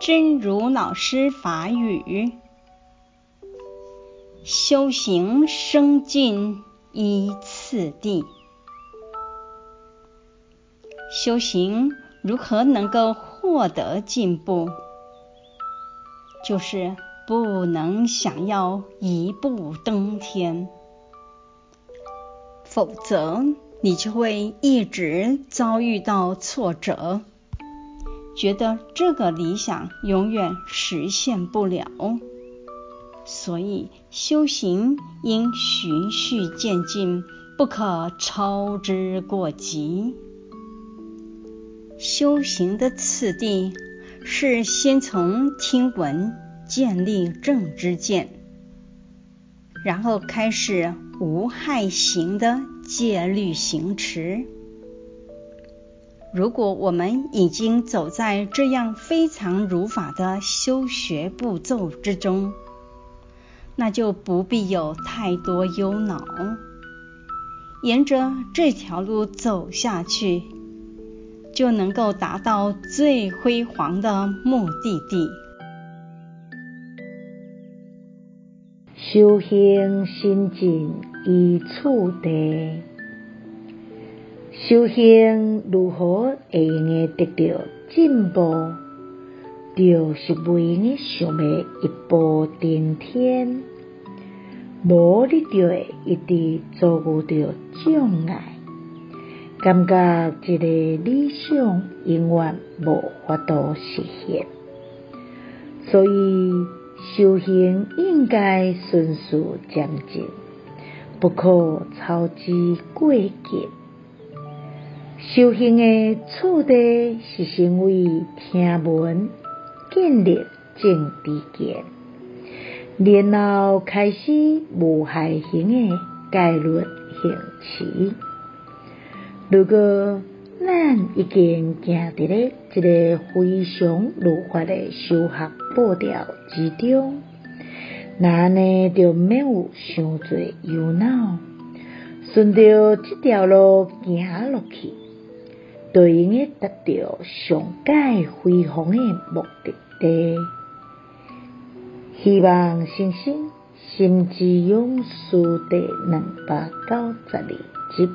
真如老師法語：修行升進依次第，修行如何能夠獲得進步？就是不能想要一步登天，否則你就會一直遭遇到挫折。覺得這個理想永遠實現不了，所以修行應循序漸進，不可操之過急。修行的次第是先從聽聞建立正知見，然後開始無害行的戒律行持。如果我們已經走在這樣非常如法的修學步驟之中，那就不必有太多憂惱。沿着這條路走下去，就能夠達到最輝煌的目的地。修行升進依次第。修行如何會用得得到進步，就是袂用得想要一步登天，無你就會一直遭遇着障礙，感覺一個理想永遠無法度實現，所以修行應該循序漸進，不可操之過急。修行誒，次第是成為聽聞建立正知見，然後開始無害行誒，戒律行持。如果咱已經行佇咧一個非常如法誒修學步調之中，咱呢就免有傷多憂惱，順着即條路行落去。就能夠達到最輝煌的目的地。希望新生心之勇士第二百九十二集。